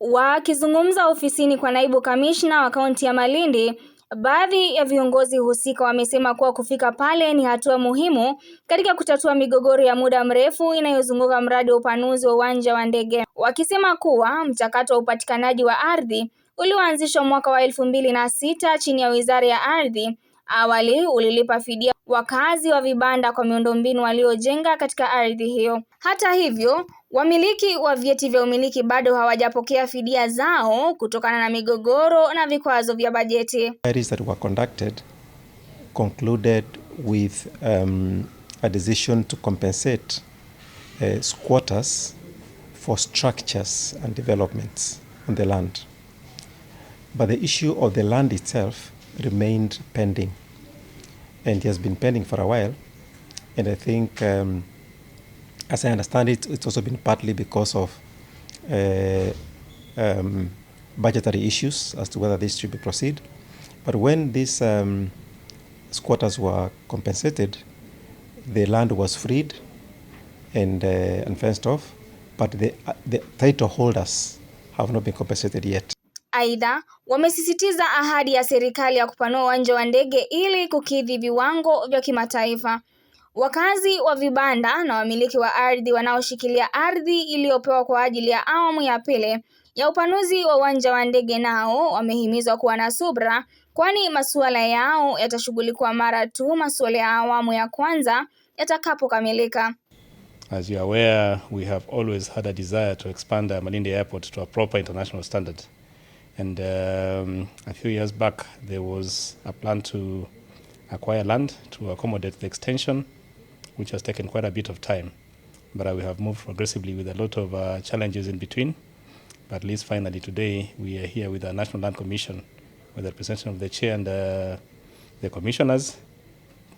Wakizungumza ofisini kwa naibu kamishna wa kaunti ya Malindi, baadhi ya viongozi husika wamesema kuwa kufika pale ni hatua muhimu katika kutatua migogoro ya muda mrefu inayozunguka mradi wa upanuzi wa uwanja wa ndege, wakisema kuwa mchakato wa upatikanaji wa ardhi ulioanzishwa mwaka wa elfu mbili na sita chini ya Wizara ya Ardhi awali ulilipa fidia wakazi wa vibanda kwa miundombinu waliojenga katika ardhi hiyo. Hata hivyo, Wamiliki wa vyeti vya umiliki bado hawajapokea fidia zao kutokana na migogoro na vikwazo vya bajeti. Inquiries that were conducted concluded with um, a decision to compensate uh, squatters for structures and developments on the land. But the issue of the land itself remained pending and it has been pending for a while and I think um, as I understand it, it's also been partly because of uh, um, budgetary issues as to whether this should be proceed. But when these um, squatters were compensated, the land was freed and, uh, and fenced off, but the, uh, the title holders have not been compensated yet. Aidha, wamesisitiza ahadi ya serikali ya kupanua uwanja wa ndege ili kukidhi viwango vya kimataifa. Wakazi wa vibanda na wamiliki wa ardhi wanaoshikilia ardhi iliyopewa kwa ajili ya awamu ya pili ya upanuzi wa uwanja wa ndege nao wamehimizwa kuwa na subra kwani masuala yao yatashughulikiwa mara tu masuala ya awamu ya kwanza yatakapokamilika. As you are aware, we have always had a desire to expand uh, Malindi Airport to a proper international standard. And um, a few years back, there was a plan to acquire land to accommodate the extension, which has taken quite a bit of time. But uh, we have moved progressively with a lot of uh, challenges in between. But at least finally today, we are here with the National Land Commission, with the representation of the chair and uh, the commissioners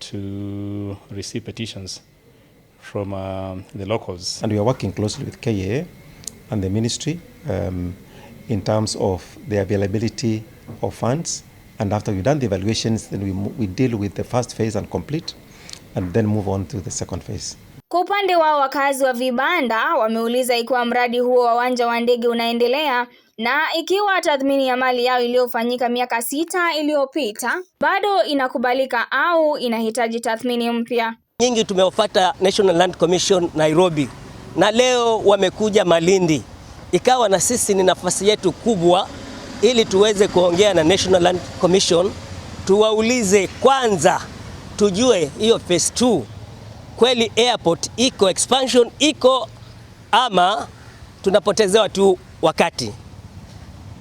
to receive petitions from um, the locals. And we are working closely with KA and the ministry um, in terms of the availability of funds And after we've done the evaluations, then we, we deal with the first phase and complete and then move on to the second phase. Kwa upande wao wakazi wa vibanda wameuliza ikiwa mradi huo wa uwanja wa ndege unaendelea na ikiwa tathmini ya mali yao iliyofanyika miaka sita iliyopita bado inakubalika au inahitaji tathmini mpya. Nyingi tumeofata National Land Commission Nairobi, na leo wamekuja Malindi, ikawa na sisi ni nafasi yetu kubwa ili tuweze kuongea na National Land Commission, tuwaulize kwanza, tujue hiyo phase 2 kweli airport iko expansion iko ama tunapotezewa tu wakati.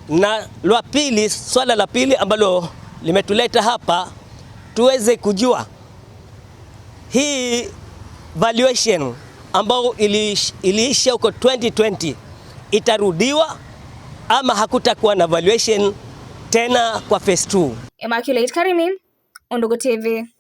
Na la pili, swala la pili ambalo limetuleta hapa, tuweze kujua hii valuation ambayo iliisha huko 2020 itarudiwa ama hakutakuwa na valuation tena kwa phase 2. Immaculate Karimi, Undugu TV.